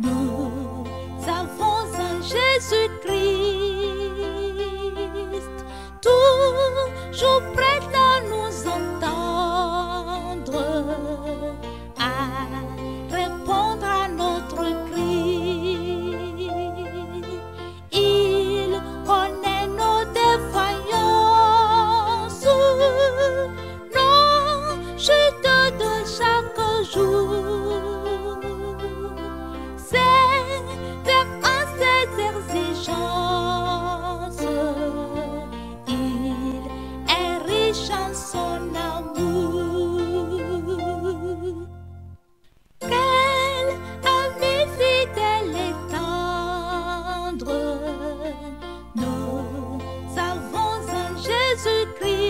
Nous avons un Jésus-Christ toujours prêt. physically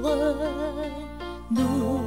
Nous